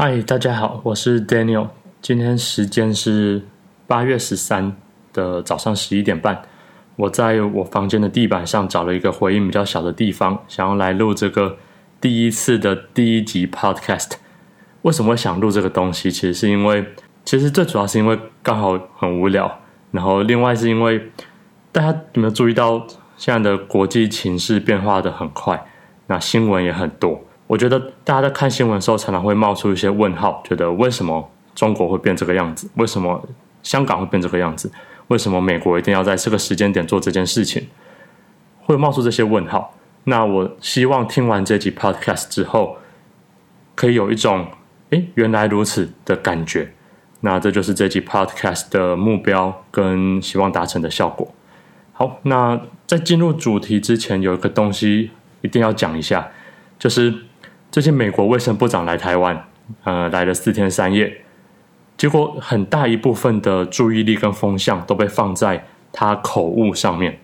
嗨，Hi, 大家好，我是 Daniel。今天時間是八月十三的早上十一點半，我在我房間的地板上找了一個回音比較小的地方，想要來錄這個第一次的第一集 podcast。為什麼會想錄這個東西？其實是因為，其實最主要是因為剛好很無聊，然後另外是因為大家有沒有注意到，現在的國際情勢變化得很快，那新聞也很多。我覺得大家在看新聞的時候，常常會冒出一些問號，覺得為什麼中國會變這個樣子？為什麼香港會變這個樣子？為什麼美國一定要在這個時間點做這件事情？會冒出這些問號。那我希望聽完這集 Podcast 之後，可以有一種“誒，原來如此”的感覺。那這就是這集 Podcast 的目標跟希望達成的效果。好，那在進入主題之前，有一個東西一定要講一下，就是。最近美國衛生部長來台灣，呃，來了四天三夜，結果很大一部分的注意力跟風向都被放在他口誤上面。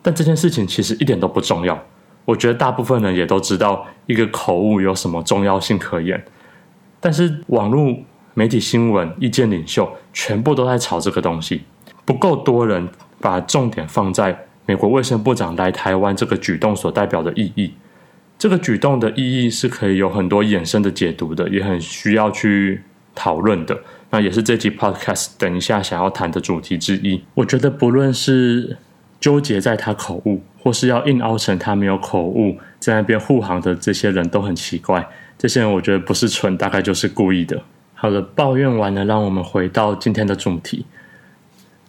但這件事情其實一點都不重要，我覺得大部分人也都知道一個口誤有什麼重要性可言。但是網絡媒體、新聞、意見領袖全部都在炒這個東西，不夠多人把重點放在美國衛生部長來台灣這個舉動所代表的意義。這個舉動的意義是可以有很多衍生的解讀的，也很需要去討論的。那也是這集 podcast 等一下想要談的主題之一。我覺得不論是糾結在他口誤，或是要硬凹成他沒有口誤，在那邊護航的這些人都很奇怪。這些人我覺得不是蠢，大概就是故意的。好了，抱怨完了，讓我們回到今天的主題。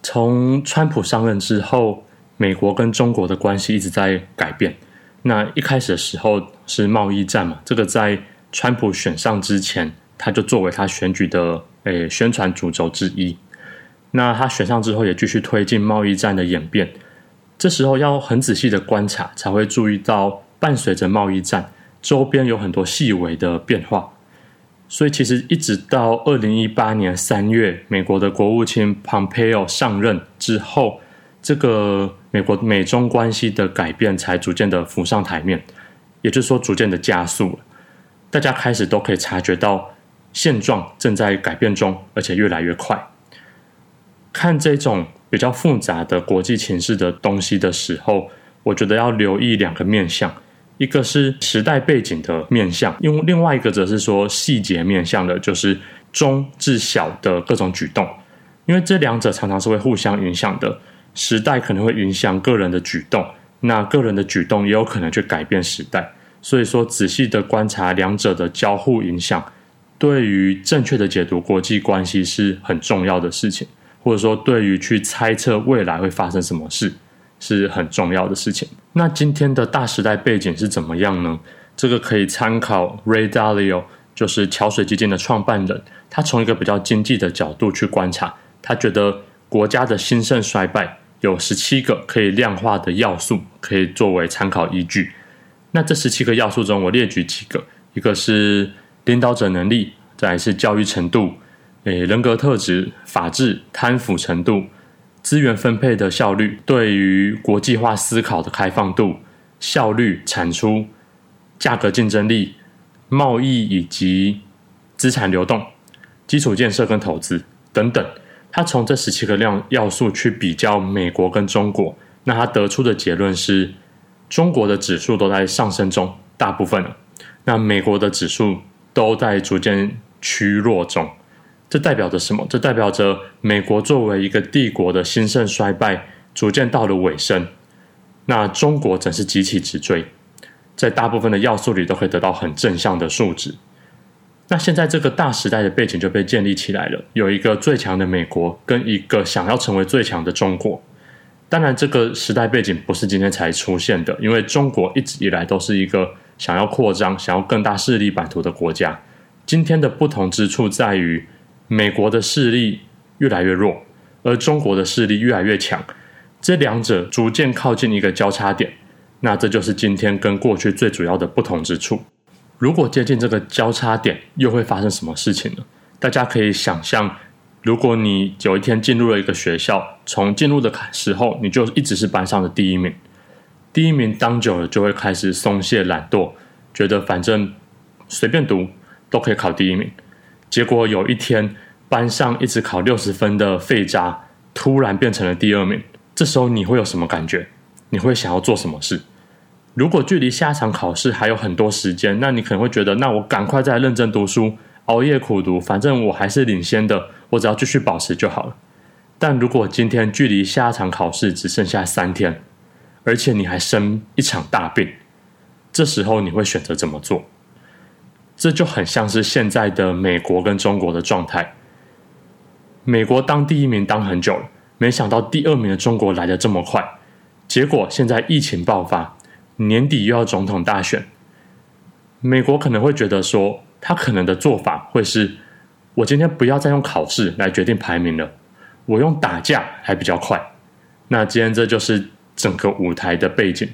從川普上任之後，美國跟中國的關係一直在改變。那一開始的時候是貿易戰嘛，這個在川普選上之前，他就作為他選舉的誒宣傳主軸之一。那他選上之後，也繼續推進貿易戰的演變。這時候要很仔細的觀察，才會注意到伴隨着貿易戰周邊有很多細微的變化。所以其實一直到二零一八年三月，美國的國務卿 Pompeo 上任之後，這個美國美中關係的改變才逐漸的浮上檯面，也就是說，逐漸的加速，大家開始都可以察覺到現狀正在改變中，而且越來越快。看這種比較複雜的國際情勢的東西的時候，我覺得要留意兩個面向：一個是時代背景的面向，用另外一個則是說細節面向的，就是中至小的各種舉動，因為這兩者常常是會互相影響的。時代可能會影響個人的舉動，那個人的舉動也有可能去改變時代。所以說，仔細的觀察兩者的交互影響，對於正確的解讀國際關係是很重要的事情，或者說對於去猜測未來會發生什麼事是很重要的事情。那今天的大時代背景是怎麼樣呢？這個可以參考 Ray Dalio，就是橋水基金的創辦人，他從一個比較經濟的角度去觀察，他覺得國家的興盛衰敗。有十七個可以量化的要素可以作為參考依據。那這十七個要素中，我列舉幾個：一個是領導者能力，再來是教育程度，誒，人格特質、法治、貪腐程度、資源分配的效率、對於國際化思考的開放度、效率、產出、價格競爭力、貿易以及資產流動、基礎建設跟投資等等。他從這十七個量要素去比較美國跟中國，那他得出的結論是，中國的指數都在上升中，大部分了；那美國的指數都在逐漸趨弱中。這代表着什麼？這代表着美國作為一個帝國的興盛衰敗逐漸到了尾聲。那中國則是急起直追，在大部分的要素裡都可以得到很正向的數值。那現在這個大時代的背景就被建立起來了，有一個最強的美國跟一個想要成為最強的中國。當然，這個時代背景不是今天才出現的，因為中國一直以來都是一個想要擴張、想要更大勢力版圖的國家。今天的不同之處在於，美國的勢力越來越弱，而中國的勢力越來越強，這兩者逐漸靠近一個交叉點。那這就是今天跟過去最主要的不同之處。如果接近這個交叉點，又會發生什麼事情呢？大家可以想象，如果你有一天進入了一個學校，從進入的時候你就一直是班上的第一名，第一名當久了就會開始鬆懈懶惰，覺得反正隨便讀都可以考第一名。結果有一天班上一直考六十分的廢渣突然變成了第二名，這時候你會有什麼感覺？你會想要做什麼事？如果距離下一場考試還有很多時間，那你可能會覺得，那我趕快再認真讀書，熬夜苦讀，反正我還是領先的，我只要繼續保持就好了。但如果今天距離下一場考試只剩下三天，而且你還生一場大病，這時候你會選擇怎麼做？這就很像是現在的美國跟中國的狀態。美國當第一名當很久了，沒想到第二名的中國來得這麼快，結果現在疫情爆發。年底又要總統大選，美國可能會覺得說，他可能的做法會是，我今天不要再用考試來決定排名了，我用打架還比較快。那今天這就是整個舞台的背景，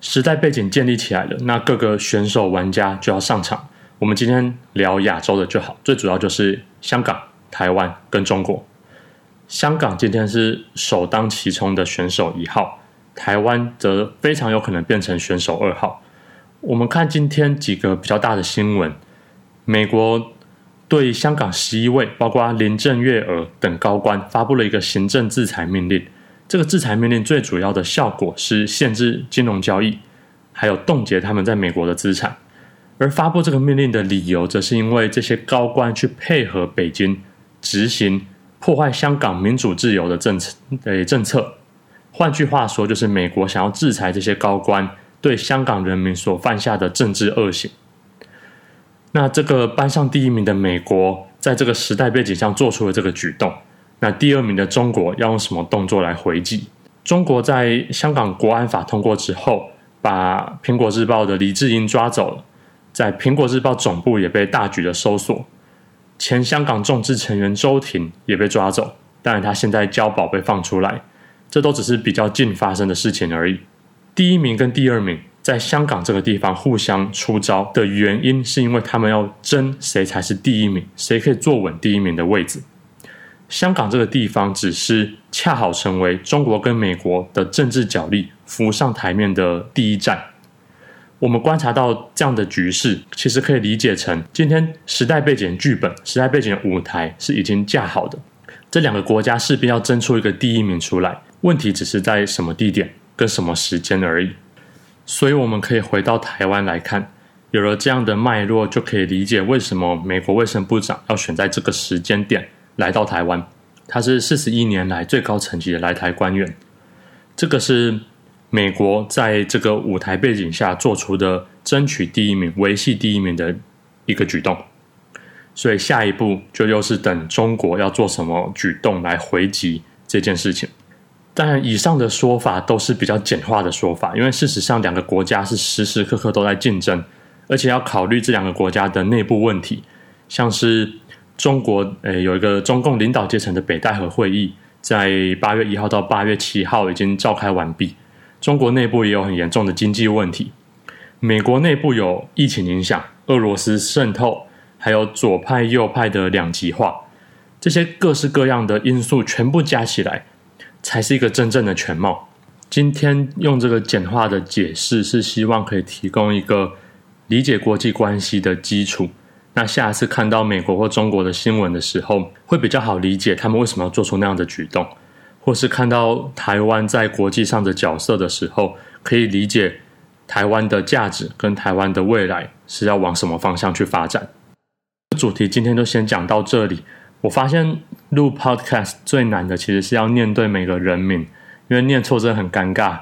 時代背景建立起來了，那各個選手玩家就要上場。我們今天聊亞洲的就好，最主要就是香港、台灣跟中國。香港今天是首當其衝的選手一號。台灣則非常有可能變成選手二號。我們看今天幾個比較大的新聞，美國對於香港十一位，包括林鄭月娥等高官，發布了一個行政制裁命令。這個制裁命令最主要的效果是限制金融交易，還有凍結他們在美國的資產。而發布這個命令的理由，則是因為這些高官去配合北京執行破壞香港民主自由的政策，誒，政策。換句話說，就是美國想要制裁這些高官對香港人民所犯下的政治惡行。那這個班上第一名的美國，在這個時代背景下做出了這個舉動。那第二名的中國要用什麼動作來回擊？中國在香港國安法通過之後，把《蘋果日報》的黎智英抓走了，在《蘋果日報》總部也被大舉的搜索。前香港眾志成員周庭也被抓走，但是她現在交保被放出來。這都只是比較近發生的事情而已。第一名跟第二名在香港這個地方互相出招的原因，是因為他們要爭誰才是第一名，誰可以坐穩第一名的位置。香港這個地方只是恰好成為中國跟美國的政治角力浮上台面的第一站。我們觀察到這樣的局勢，其實可以理解成今天時代背景劇本、時代背景舞台是已經架好的，這兩個國家勢必要爭出一個第一名出來。問題只是在什麼地點跟什麼時間而已，所以我們可以回到台灣來看，有了這樣的脈絡，就可以理解為什麼美國衛生部長要選在這個時間點來到台灣。他是四十一年來最高層級的來台官員，這個是美國在這個舞台背景下做出的爭取第一名、維繫第一名的一個舉動。所以下一步就又是等中國要做什麼舉動來回擊這件事情。當然，以上的說法都是比較簡化的說法，因為事實上，兩個國家是時時刻刻都在競爭，而且要考慮這兩個國家的內部問題。像是中國，呃，有一個中共領導階層的北戴河會議，在八月一號到八月七號已經召開完畢。中國內部也有很嚴重的經濟問題，美國內部有疫情影響、俄羅斯滲透，還有左派右派的兩極化，這些各式各樣的因素全部加起來。才是一個真正的全貌。今天用這個簡化的解釋，是希望可以提供一個理解國際關係的基礎。那下一次看到美國或中國的新聞的時候，會比較好理解他們為什麼要做出那樣的舉動，或是看到台灣在國際上的角色的時候，可以理解台灣的價值跟台灣的未來是要往什麼方向去發展。主題今天就先講到這裡。我發現。錄 Podcast 最難的其實是要念對每個人名，因為念錯真的很尷尬。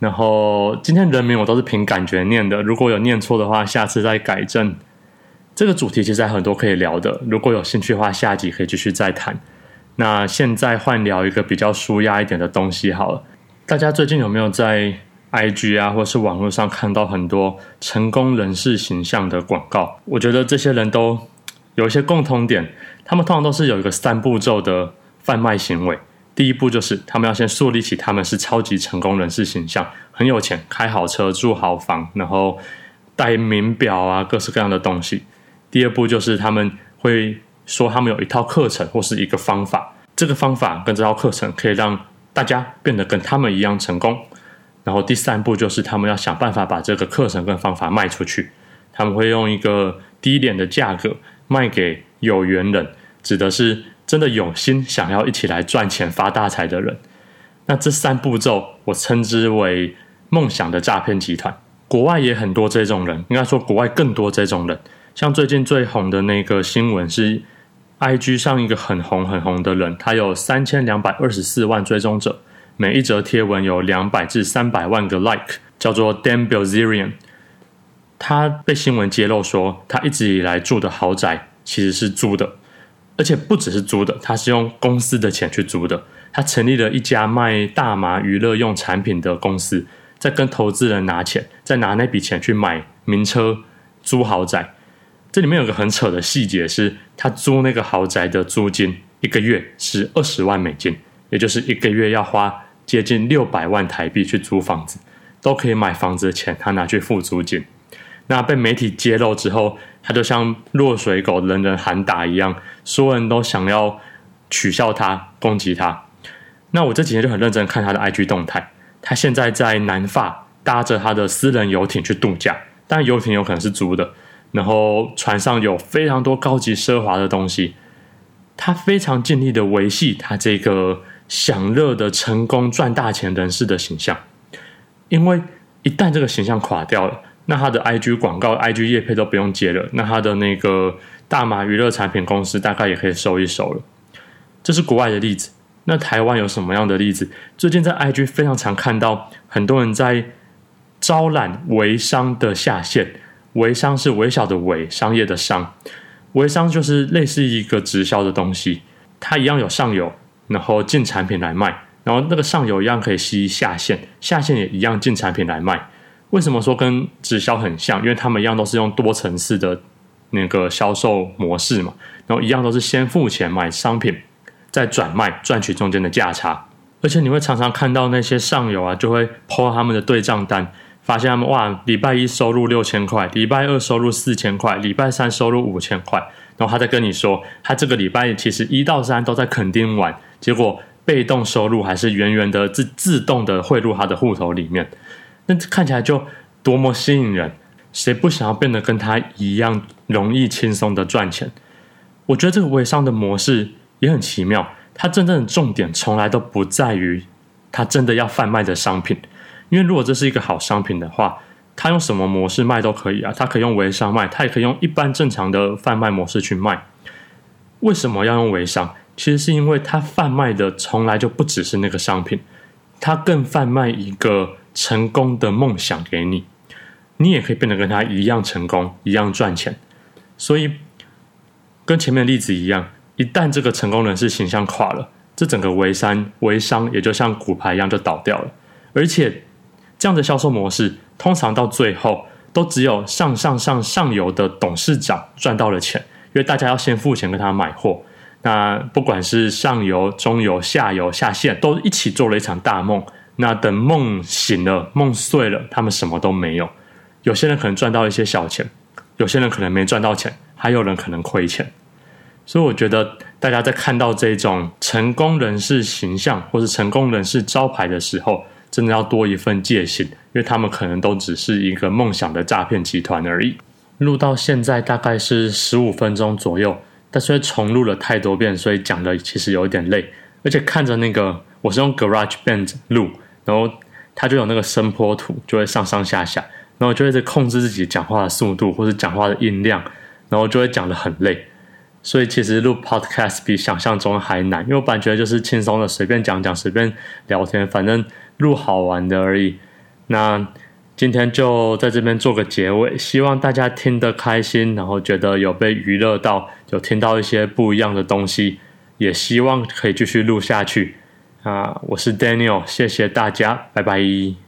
然後今天人名我都是憑感覺念的，如果有念錯的話，下次再改正。這個主題其實還有很多可以聊的，如果有興趣的話，下集可以繼續再談。那現在換聊一個比較舒壓一點的東西好了。大家最近有沒有在 IG 啊，或是網絡上看到很多成功人士形象的廣告？我覺得這些人都。有一些共同點，他們通常都是有一個三步驟的販賣行為。第一步就是他們要先樹立起他們是超級成功人士形象，很有錢，開好車，住好房，然後戴名錶啊，各式各樣的東西。第二步就是他們會說他們有一套課程或是一個方法，這個方法跟這套課程可以讓大家變得跟他們一樣成功。然後第三步就是他們要想辦法把這個課程跟方法賣出去，他們會用一個低廉的價格。賣給有緣人，指的是真的有心想要一起來賺錢發大財的人。那這三步驟，我稱之為夢想的詐騙集團。國外也很多這種人，應該說國外更多這種人。像最近最紅的那個新聞是，IG 上一個很紅很紅的人，他有三千兩百二十四萬追蹤者，每一則貼文有兩百至三百萬個 Like，叫做 Dan Bilzerian。他被新聞揭露說，他一直以來住的豪宅其實是租的，而且不只是租的，他是用公司的錢去租的。他成立了一家賣大麻娛樂用產品的公司，在跟投資人拿錢，再拿那筆錢去買名車、租豪宅。這裡面有個很扯的細節是，他租那個豪宅的租金一個月是二十萬美金，也就是一個月要花接近六百萬台幣去租房子，都可以買房子的錢，他拿去付租金。那被媒體揭露之後，他就像落水狗，人人喊打一樣，所有人都想要取笑他、攻擊他。那我這幾天就很認真看他的 IG 動態，他現在在南法搭着他的私人遊艇去度假，但遊艇有可能是租的，然後船上有非常多高級奢華的東西。他非常盡力的維繫他這個享樂的成功、賺大錢人士的形象，因為一旦這個形象垮掉了。那他的 IG 廣告、IG 業配都不用接了。那他的那個大麻娛樂產品公司大概也可以收一收了。這是國外的例子。那台灣有什麼樣的例子？最近在 IG 非常常看到很多人在招攬微商的下線。微商是微小的微，商業的商。微商就是類似一個直銷的東西，它一樣有上游，然後進產品來賣，然後那個上游一樣可以吸下線，下線也一樣進產品來賣。為什麼說跟直銷很像？因為他們一樣都是用多層次的那個銷售模式嘛，然後一樣都是先付錢買商品，再轉賣賺取中間的價差。而且你會常常看到那些上游啊，就會 PO 他們的對賬單，發現他們哇，禮拜一收入六千塊，禮拜二收入四千塊，禮拜三收入五千塊，然後他在跟你說，他這個禮拜其實一到三都在墾丁玩，結果被動收入還是源源的自自動的匯入他的戶頭裡面。那這看起來就多麼吸引人，誰不想要變得跟他一樣容易輕鬆的賺錢？我覺得這個微商的模式也很奇妙。它真正的重點從來都不在於它真的要販賣的商品，因為如果這是一個好商品的話，它用什麼模式賣都可以啊。它可以用微商賣，它也可以用一般正常的販賣模式去賣。為什麼要用微商？其實是因為它販賣的從來就不只是那個商品，它更販賣一個。成功的夢想給你，你也可以變得跟他一樣成功，一樣賺錢。所以跟前面的例子一樣，一旦這個成功人士形象垮了，這整個微商微商也就像骨牌一樣就倒掉了。而且這樣的銷售模式，通常到最後都只有上上上上上游的董事長賺到了錢，因為大家要先付錢跟他買貨。那不管是上游、中游、下游、下線，都一起做了一場大夢。那、啊、等夢醒了，夢碎了，他們什麼都沒有。有些人可能賺到一些小錢，有些人可能沒賺到錢，還有人可能虧錢。所以我覺得，大家在看到這種成功人士形象或者成功人士招牌的時候，真的要多一份戒心，因為他們可能都只是一個夢想的詐騙集團而已。錄到現在大概是十五分鐘左右，但是重錄了太多遍，所以講的其實有點累，而且看着那個，我是用 Garage Band 錄。然後他就有那個聲波圖，就會上上下下，然後就會在控制自己講話的速度或是講話的音量，然後就會講得很累。所以其實錄 Podcast 比想象中還難，因為我本來覺得就是輕鬆的隨便講講、隨便聊天，反正錄好玩的而已。那今天就在這邊做個結尾，希望大家聽得開心，然後覺得有被娛樂到，有聽到一些不一樣的東西，也希望可以繼續錄下去。啊，我是 Daniel，謝謝大家，拜拜。